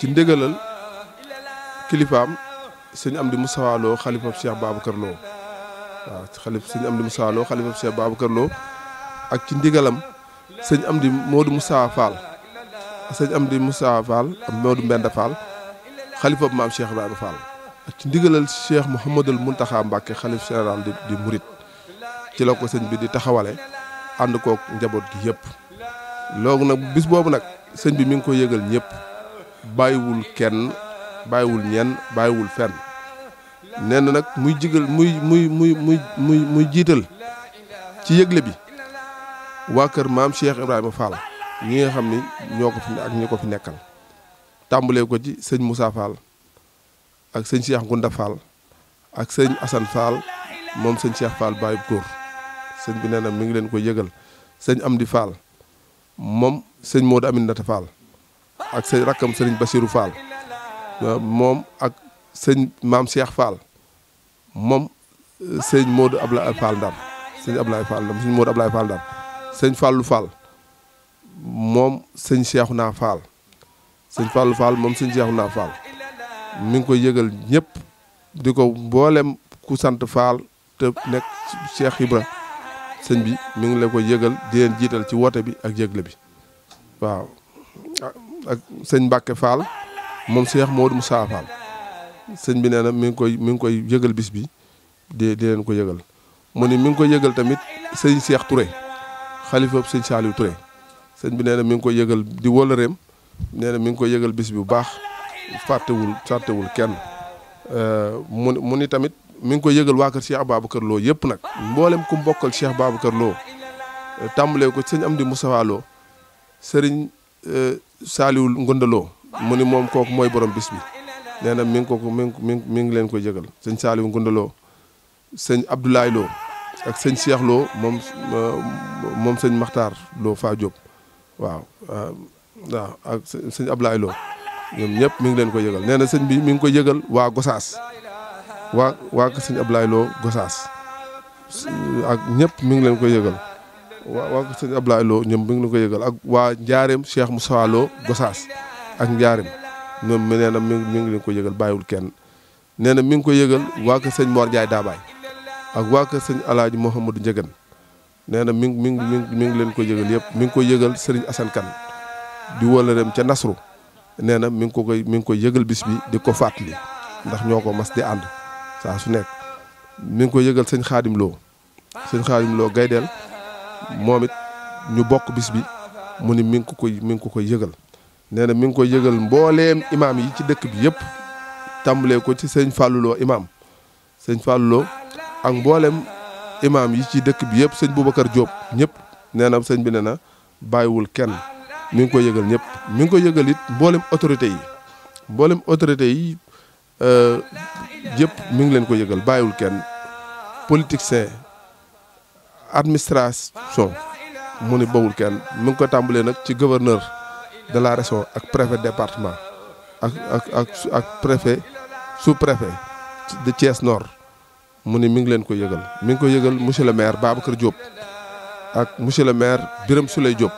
Speaker 3: ci ndégalal kilifaam sëñ Amdi Moustapha Lo xalifa Cheikh Babacar Lo waaw xalif sëñ Amdi Moussa Lo xalifam Cheikh Babacar Lo ak ci ndigalam sëñ Amdi Modou Moussa Fall sëñ am Amdi Moussa Fall ak Modou Mbenda Fall xalifam maam Cheikh Ibrahima Fall ak ci ndigalal Cheikh Mouhamadul Mountakha Mbacké xalif général di di Murit ci la ko sëñ bi di taxawale ànd kook njaboot gi yëpp loolu nag bis boobu nag sëñ bi mi ngi ko yëgal ñëpp bàyyiwul kenn bàyyiwul ñenn bàyyiwul fenn nee na nag muy jigal muy muy muy muy muy muy jiital ci yëgle bi waa kër maam Cheikh Ibrahima Fall ñi nga xam ni ñoo ko fi ak ñi ko fi nekkal tàmbalee ko ci sëñ Moussa Fall ak sëñ Cheikh Gunda Fall ak sëñ Assane Fall moom sëñ Cheikh Fall bàyyib góor sëñ bi nee na mi ngi leen ko yëgal sëñ Amdi Fall moom sëñ Modou Aminata Fall ak sëñ rakkam sëriñ Basirou Fall moom ak sëñ maam seex Fall moom euh, sëñ Modou Ablaye Fall Ndam sëñ Ablaye Fall Ndam sëñ Modou Ablaye Fall Ndam sëñ Fallou Fall moom sëñ Cheikhouna Fall sëñ Fallou Fall moom sëñ Cheikhouna Fall mi ngi koy yëgal ñépp di ko mboolem ku sant Fall te nekk Cheikh Ibra sëñ bi mi ngi la ko yëgal di leen jiital ci woote bi ak yëgle bi waaw ak sëñ Mbacke Fall moom Cheikh Modou Moussa Fall. sëñ bi nee na mi ngi koy mi ngi koy yëgal bis bi di di leen ko yëgal mu ni mi ngi koy yëgal tamit sëñ Cheikh Touré xalifa sëñ Saliou ture sëñ bi nee na mi ngi koy yëgal di wóllareem nee na mi ngi koy yëgal bis bi bu baax fàttewul fàttewul kenn mu mu ni tamit mi ngi koy yëgal waa kër Cheikh kër loo yëpp nag mboolem ku mbokkal Cheikh kër loo tàmbalee ko sëñ am di Lo sëriñ Saliou Ngondaloo mu ni moom kooku mooy borom bis bi nee na mi ngi ko mi ngi mi ngi leen ko jégal sëñ Saliou Ngundaloo sëñ Abdoulaye Lo ak sëñ Cheikh Lo moom moom sëñ Makhtar Lo Fa waaw ah, waaw ak sëñ Abdoulaye Lo ñoom ñëpp mi ngi leen ko yëgal nee na sëñ bi mi ngi ko yëgal waa Gosaas waa waa sëñ Abdoulaye Lo ak ñëpp mi ngi leen ko yëgal waa waa sëñ Abdoulaye Lo ñoom mi ngi leen ko yëgal ak waa Njaareem Cheikh Moussa Lo Gosaas ak Njaareem. ñoom mi nee na mi mi ngi leen ko yëgal bàyyiwul kenn nee na mi ngi ko yëgal waa kër sëñ Mor Ndiaye Daabaay ak waa kër sëñ Alaaji Mouhamadou Ndiagane nee na mi ngi mi mi ngi leen ko yëgal yëpp mi ngi ko yëgal sëriñ asankan Kane di wóllëreem ca Nasru nee na mi ngi ko koy mi ngi ko yëgal bis bi di ko fàttali ndax ñoo ko mas di ànd saa su nekk mi ngi ko yëgal sëñ Xaadim Lo sëñ Xaadim Lo Gaydel moom it ñu bokk bis bi mu ni min ko mi ngi ko koy yëgal nee na mi ngi ko yëgal mbooleem imaam yi ci dëkk bi yëpp tàmbalee ko ci sëñ Fallou imaam sëñ Fallou ak mbooleem imaam yi ci dëkk bi yëpp sëñ Boubacar Diop ñëpp nee na sëñ bi ne na bàyyiwul kenn mi ngi koy yëgal ñëpp mi ngi koy yëgal it autorités yi mboolem autorités yi euh, yëpp mi ngi leen ko yëgal bàyyiwul kenn politicien administration mu ni bawul kenn mi ngi ko tàmbalee nag ci gouverneur de la région le préfet département avec le préfet sous-préfet de Thiès Nord mu ni mi ngi leen ko yëgal mi ko yëgal monsieur le maire Babacar Diop ak monsieur le maire Birame Souley Diop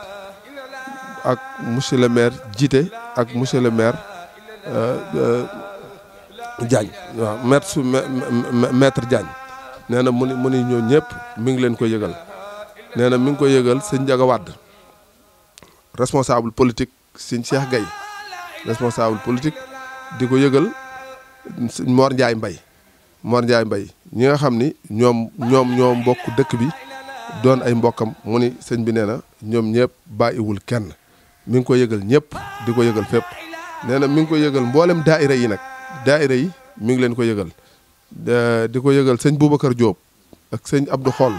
Speaker 3: ak monsieur le maire Djité ak monsieur le maire euh, euh, Diagne maître maître Diagne nee na responsable politique sëñ Cheikh Gaye responsable politik di ko yëgal Mor Ndiaye mbay Mor Ndiaye mbay ñi nga xam ni ñoom ñoom ñoo mbokk dëkk bi doon ay mbokkam mu ni sëñ bi nee na ñoom ñëpp bàyyiwul kenn mu ngi ko yëgal ñëpp di ko yëgal fépp nee na mi ngi ko yëgal mboolem daaira yi nag daaira yi mu ngi leen ko yëgal di ko yëgal sëñ Boubacar Diop ak sëñ Abdou Xoll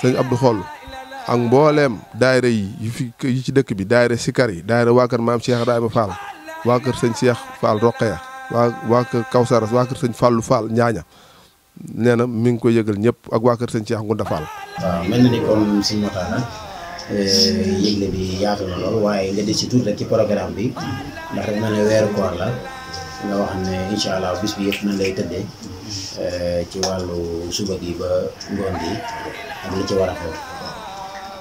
Speaker 3: sëñ Abdou xool ak mbooleem daayira yi yu ci dëkk bi daayira sikar yi daayira waa kër maam Cheikh Ibrahima Fall waa kër sëñ Cheikh Fall Roqeya waa waa kër Kawsaras waa kër sëñ Fallu Ñaaña nee na mi ngi koy yëgal ñëpp ak waa kër sëñ Cheikh Ngunda Fall.
Speaker 1: waaw mel na ni comme sëñ Moutara eh, yëgle bi yaatu na lool waaye nga des ci tuuti rek ci programme bi ndax rek ne weeru koor la nga wax ne incha allah bis bi yëpp na lay tëddee eh, ci wàllu suba gi ba ngoon gi ak li ci war a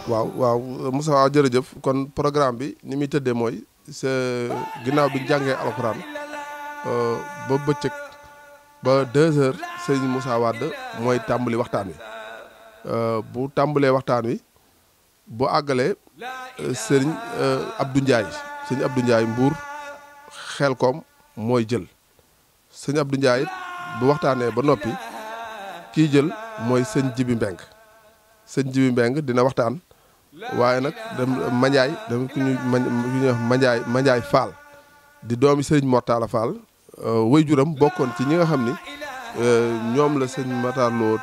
Speaker 3: waaw waaw Moussa waaw jërëjëf kon programme bi ni muy tëddee mooy ginnaaw bi jàngee alxuraan euh, ba bëccëg ba deux heures sëñ Moussa Wade mooy tàmbali waxtaan wi euh, bu tàmbalee waxtaan wi bu àggalee euh, sëriñ Abdou Ndiaye sëñ Abdou Ndiaye Mbour xel koom mooy jël sëñ Abdou bu waxtaanee ba noppi kii jël mooy sëñ Jibi Mbeng sëñ Jibi Mbeng dina waxtaan waaye nag dem Mandiaye dem ku ñuy wax Mandiaye di doomi sëriñ Mortala Fall euh, waajuram bokkoon ci ñi nga xam ni euh, ñoom la sëñ Matar Lo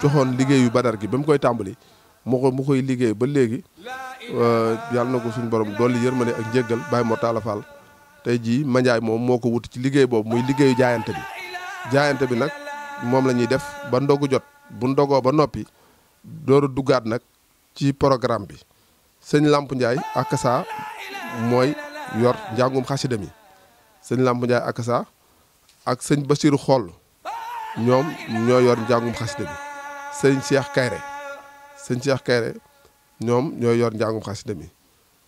Speaker 3: joxoon liggéeyu badar gi ba mu koy tàmbali mu ko mu koy liggéey ba léegi euh, yàlla na ko suñu borom dolli yërmande ak njéggal baay Mortala Fall tey jii Mandiaye moom moo ko wut ci liggéey boobu muy liggéeyu jaayante bi jaayante bi nag moom la ñuy def ba ndogu jot bu ndogoo ba noppi door duggaat nag ci programme bi sëñ Lamp Ndiaye ak mooy yor njàngum xasida mi sëñ Lamp Ndiaye ak ak sëñ Basiru xool ñoom ñoo yor njàngum xasida mi sëñ Cheikh Kayre sëñ Cheikh Kayre ñoom ñoo yor njàngum xasida mi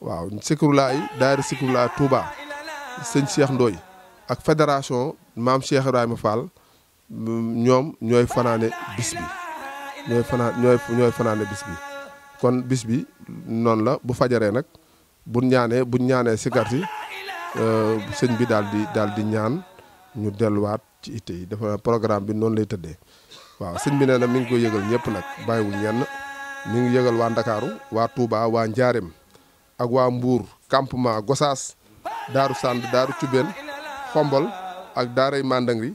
Speaker 3: waaw Sikrulaay daayira Sikrulaay Touba sëñ Cheikh ndooy ak fédération maam Cheikh Ibrahima Fall ñoom ñooy fanaane bis bi ñooy fanaan ñooy fanaane bis kon bis bi noonu la bu fajaree nag bu ñaanee buñ ñaanee sikar si euh, sëñ bi daal di daal di ñaan ñu delluwaat ci itte yi dafa programme bi noonu lay tëddee waaw sëñ bi nee na mi ngi koy yëgal ñëpp nag bàyyiwul ñenn mu ngi yëgal waa Ndakaaru waa Touba waa njaarim ak waa Mbuur campement Gosaas Daaru Sànd Daaru Cubeen Xombol ak Daaray Mandangri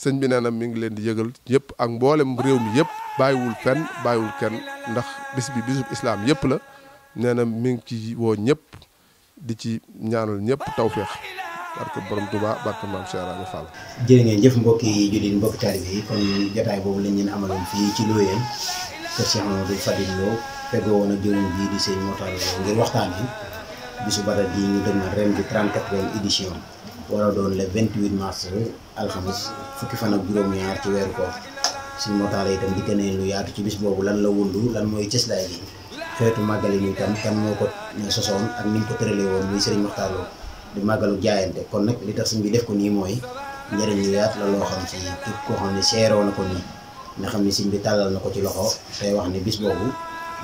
Speaker 3: sëñ bi nee na mi ngi leen di yëgal yëpp ak mboolem réew mi yëpp bàyyiwul fenn bàyyiwul kenn ndax bis bi bisub islaam yëpp la nee na mi ngi ci woo ñëpp di ci ñaanal ñëpp tawféex barke borom Tuubaa barke maam Cheikh Ibra Fall.
Speaker 1: jërë ngeen jëf mbokki jullit mbokki taalibe yi kon jotaay boobu lañ leen amaloon fii ci Loyeen kër Cheikh Mamadou Fadil bii di sëñ Mokhtar Lo ngir waxtaan yi bisu barat yi ñu dëgmal ren di 34e édition. war a doon le 28 mars alxamis fukki fan ak juróom-ñaar ci weeru koor suñu motaale itam di gënee lu yaatu ci bis boobu lan la wundu lan mooy cëslaay gi xeetu màggali ñu tam kan moo ko sosoon ak ni ñu ko tëralee woon muy Serigne Makhtar Lo di màggalu jaayante kon nag li tax suñ bi def ko nii mooy njëriñ lu yaat la loo xam ci képp koo xam ne na ko nii nga xam ne siñ bi tàllal na ko ci loxo tey wax ne bis boobu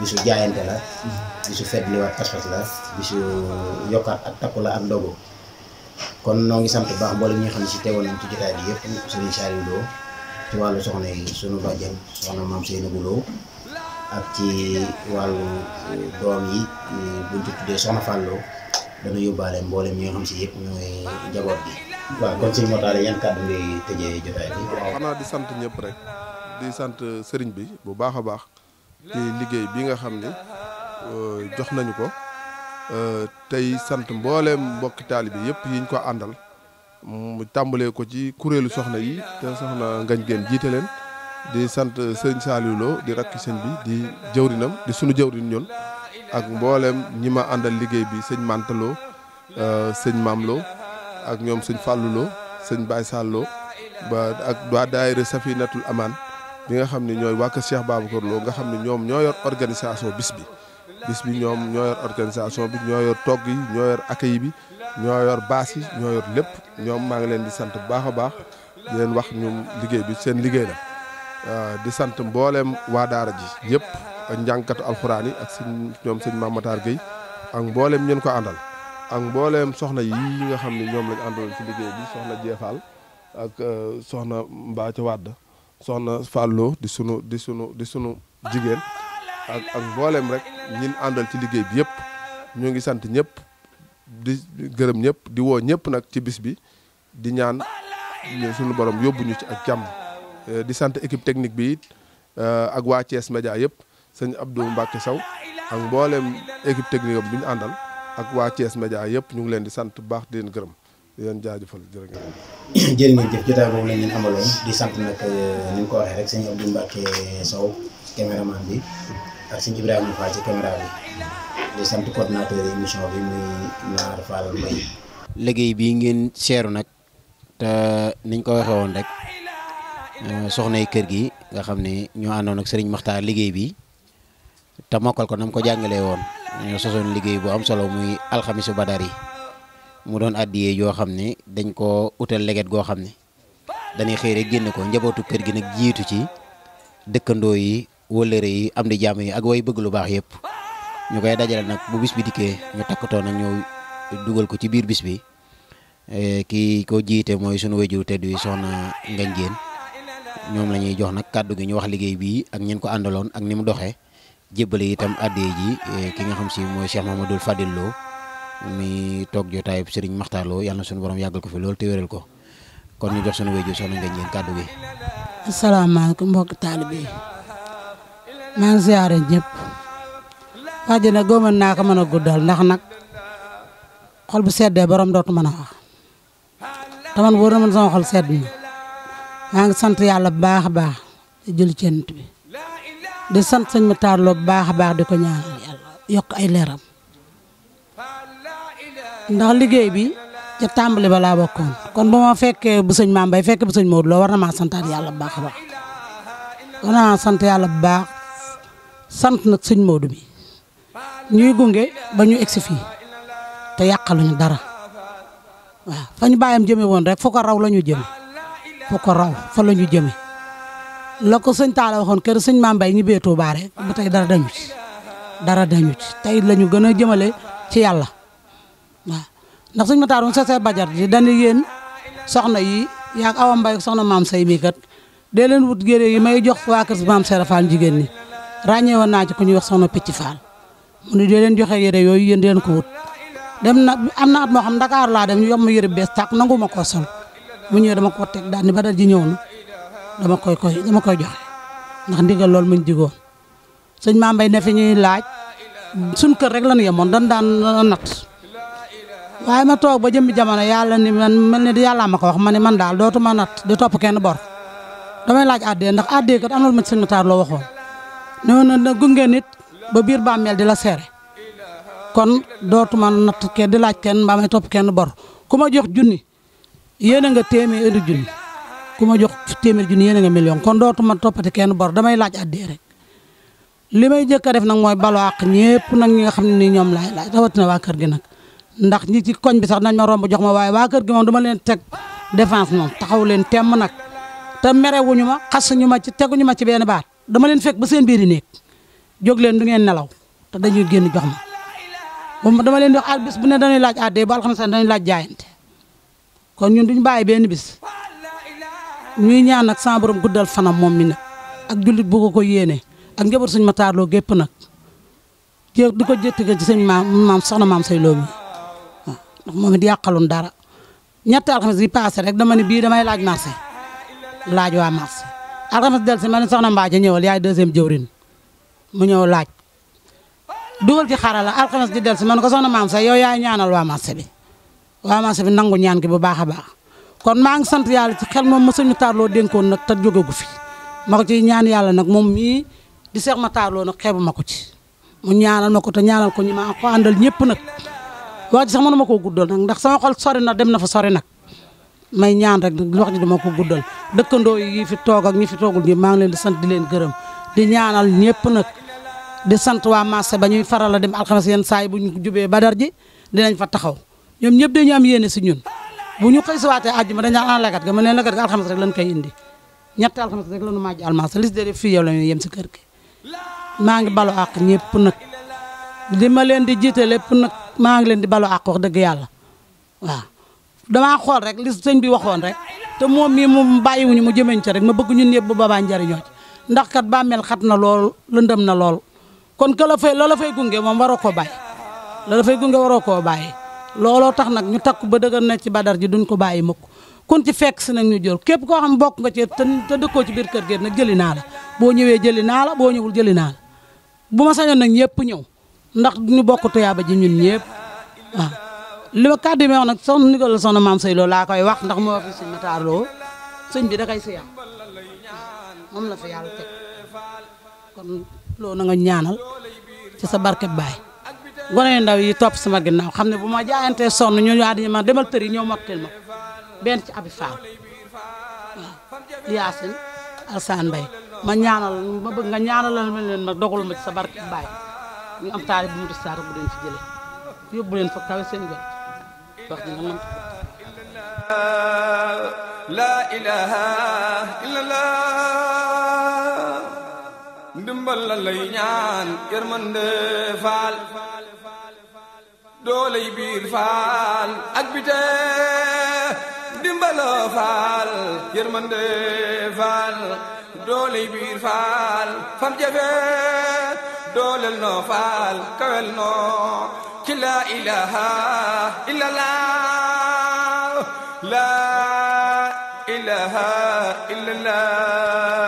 Speaker 1: bisu jaayante la bisu feddliwaat pas-pas la bisu yokkaat ak takku la ak dogu kon noo ngi sant baax mboolem ñi nga xam ne si teewoon nañ ci jotaay bi yëpp sëriñ Saliou Lo ci wàllu soxna yi sunu bàjjen soxna maam Seynabou Lo ak ci wàllu doom yi buñ ci tuddee soxna Fallou dana yóbbaale mboolem ñi nga xam si yëpp ñooy njaboot bi. waaw kon si motaale yan kàddu ngay tëjee jotaay bi. waaw
Speaker 3: xanaa di sant ñëpp rek di sant sëriñ bi bu baax a baax ci liggéey bi nga xam ne euh, jox nañu ko. Euh, tey sant mbooleem mbokki taalibe yëpp yiñ ko àndal mu tàmbalee ko ci kuréelu soxna yi te soxna ngañ geen jiite leen di sant sëñ Saliou Lo di rakk sëñ bi di jëwrinam di suñu jëwrin ñun ak mbooleem ñi ma àndal liggéey bi sëñ Mantaloo euh, sëñ Mamloo ak ñoom sëñ Falluloo sëñ Baye Salloo ba ak waa daayira Safinatul Amaan bi nga xam ni ñooy wàkk kër Cheikh Babacar nga xam ne ñoom ñoo yor organisation bis bi bis bi ñoom ñoo yor organisation bi ñoo yor togg yi ñoo yor accueil bi ñoo yor baas yi ñoo yor lépp ñoom maa ngi leen di sant bu baax a baax di leen wax ñoom liggéey bi seen liggéey la euh, di sant mbooleem waa daara ji yëpp ak alxuraan yi ak sëñ ñoom sëñ Mamataar Gueye ak mbooleem ñeen ko àndal ak mbooleem soxna yi nga xam ne ñoom lañ àndaloon ci liggéey bi soxna Jeefal ak euh, soxna Mbaaca Wàdd soxna Fallo di sunu di sunu di sunu jigéen ak ak mboolem rek ñin àndal ci liggéey bi yëpp ñu ngi sant ñëpp di gërëm ñëpp di woo ñëpp nag ci bis bi di ñaan suñu borom yóbbu ñu ci ak jàmm eh, di sant équipe technique bi it eh, ak waa Thiès Média yëpp sëñ Abdou Mbacke Sow ak mboolem équipe technique am bi ñu àndal ak waa Thiès Média yëpp ñu ngi leen di sant bu baax di leen gërëm di leen jaajëfal ngeen
Speaker 1: <coughs> jërë ngeen jëf jotaay boobu leen amaloon di sant nag eh, ni ko waxee rek sëñ Abdou Mbacke Sow caméraman bi ak sëñ bi liggéey bii ngeen seeru nag te niñ ko waxee woon rek eh, soxnay kër gi nga xam ne ñoo àndoon ak sëriñ Maxtaar liggéey bi te mokkal ko nam ko jàngalee woon ñoo sosoon liggéey bu am solo muy alxamisu badar yi mu doon àddiyee yoo xam ni dañ ko utal leget goo xam ni dañuy xëy rek génn ko njabootu kër gi nag jiitu ci dëkkandoo yi wóllëre yi am di jàmm yi ak way bëgg lu baax yëpp ñu koy dajale nag bu bis bi dikkee ñu takkatoo nag ñëw dugal ko ci biir bis bi eh, kii ko jiite mooy sunu wajuru tedd yi soxna Ngagne Diène ñoom la ñuy jox nag kàddu gi ñu wax liggéey bii ak ñeen ko àndaloon ak ni mu doxee jébbale itam addee ji eh, ki nga xam si mooy ma Mahamadou Fadil Lo mi toog jotaayub Serigne Makhtar Lo yàlla na sunu borom yàggal ko fi loolu te wéral ko kon ñu jox sunu wajur soxna Ngagne kàddu gi.
Speaker 4: maa ziaré ñep ñëpp wax ji nag góoman naa a guddal ndax nak xol bu sédé borom dootu mëna a wax taman wóor na man sama xol sédd ni maa ngi sant yalla baax baax di jël ñent bi di sant señ mu taarloo lo baax baax diko ñaan yalla yok ay léram ndax liggéey bi ci tàmbali bala bokkon kon bu ma fekkee bu señ maam bay fekkee bu señ Maodo loo war na maa santaat baax baax baax sant nag sëñ Modou bi ñuy gunge ba ñu egsi fii te yàqaluñu dara waaw fa ñu bàyyam jëme woon rek foo ko raw la ñu jëme foo ko raw fa la ñu jëme la ko sëñ Talla waxoon kër sëñ Mame Mbaye ñu bee baare bu ba tey dara dañu dara dañu ci tey la ñu gën a jëmale ci yàlla waaw ndax sëñ Matar moom sasee bajar ji dañu yéen soxna yi yaag Awa Mbaye soxna maam say mii kat dee leen wut géré yi may jox waa kër maam Serapha jigéen ñi ràññee woon naa ci ku ñuy wax soxna Picc Faal mu ne dee leen joxe yére yooyu yéen deen ko wut dem nag am na at moo xam Dakar laa dem yomb yére bees tàq nangu ma koo sol mu ñëwee dama ko teg daal ni badal ji ñëw na dama koy koy dama koy joxe ndax ndigal loolu muñ jigoon sëñ Maam Mbay ne fi ñuy laaj suñ kër rek la ñu yemoon dan daan nat waaye ma toog ba jëmbi jamono yàlla ni man mel ni yàllaa ma ko wax ma ne man daal dootuma nat di topp kenn bor damay laaj addee ndax addee kat am na lu ma sëñ Mataar waxoon non na gungé nit ba bir bàmmeel di la kon dootuma natt kenn di dila kenn ba may kenn bor kuma jox jouni yéna nga témé junni jouni kuma jox témé jouni yéna nga million kon dootuma topati kenn bor damay laaj addé rek limay jëk def nak moy balwaq ñepp nak nga xamni ni ñom ñoom laay laaj na wa kër gi nak ndax ñi ci koñ bi sax nañ ma romb jox ma way wa kër gi mom duma leen tek défense mom taxaw leen tém nak ta méré wuñuma xass ñuma ci téguñuma ci benn baat dama leen fekk ba seen biiri yi nekk leen du ngeen nelaw te dañuy génn jox ma ba dama leen di wax bis bu ne dañuy laaj addee ba alxames dañuy laaj jaayante kon ñun duñ bàyyi benn bis ñuy ñaan nag sama borom guddal fanam moom mi nag ak jullit bu ko ko a ak njaboot suñ ma taarloo gépp nag jé di ko jëttige ci sëñ maam maam soxna maam say loomi waaw ndax moom it yàqaloon dara ñetti alxames yi rek dama ne bii damay laaj marché laaj waa marché alxames del si ma ne soxna Mbacke ñëwal yaay deuxième jëwrin mu ñëw laaj dugal ci xarala alxames di del si man ko soxna maam sax yow yaay ñaanal waa marché bi waa marché bi nangu ñaan ki bu baax a baax kon maa ngi sant yàlla ci xel moom mësuñu taarloo dénkoon nag joge jógegu fi ma ko ci ñaan yàlla nag moom mii di seex ma taarloo nag xeebu ma ko ci mu ñaanal ma ko te ñaanal ko ñi ma ko àndal ñëpp nag wax ji sax mënu ma koo guddal nag ndax sama xol sori na dem na fa sori nag may ñaan rek wax ni dama ko guddal dekkando yi fi tok ak ñi fi togul ñi ma ngi leen di sante di leen gëreem di ñaanal ñepp nak di sante wa marché ba ñuy faral dem alxames yeen say yi bu ñu jubee badar ji dinañ fa taxaw ñom ñepp dañu am yene ci ñun bu ñu xëy si waatee àjjuma dañu daan lagat ga ma lagat ga rek lañ koy indi ñetti alxames rek lañu màjj almarché lis dee fi yow la yem si kër gi ma ngi balu ak ñepp nak di ma leen di jité lepp nak ma ngi leen di balu ak wax deug yalla waaw dama xol rek li sëñ bi waxoon rek te mom mi mu wuñu mu jëmeñ ci rek ma bëgg ñun ñëpp bu baba ndariño ci ndax kat bàmmeel xat na lool lëndëm na lool kon ke la fay la la fay gungé mom waro ko bàyyi la la fay gungé waro ko bàyyi loolo tax nak ñu takku ba deugal na ci badar ji duñ ko bayyi mako kon ci fekk si nag ñu jël kep ko xam bok nga ci te ko ci bir kër geer nak jëli la bo ñëwé jëli la bo ñëwul jëli la bu ma nak nag ñëpp ñëw ndax ñu bokk tuyaaba ji ñun ñëpp ah lima kadi me onak son ni nag soxna mam la lo maam koy wax ndax moo fi sëñ Matar Lo sëñ bi da koy sëyam moom la fi yàlla teg kon lo na nga ñaanal ci sa barke bay gone yu ndaw yi topp sama ginnaaw xam ne bu son jaayantee sonn ñu ma demal teri nyomak mottil ma benn ci abi faal waaw yaasin alsaan mbay ma ñaanal ma bëgg nga ñaanalal ma leen ma dogul ma ci sa barke baay ñu am taari bu mu di saata bu leen fi jële fa wax dina mën
Speaker 2: la ilaha ñaan yërmande faal dooley biir faal ak bite ndimbalo faal yërmande faal dooley biir faal fam jafe doolel noo faal kawel noo لا إله إلا الله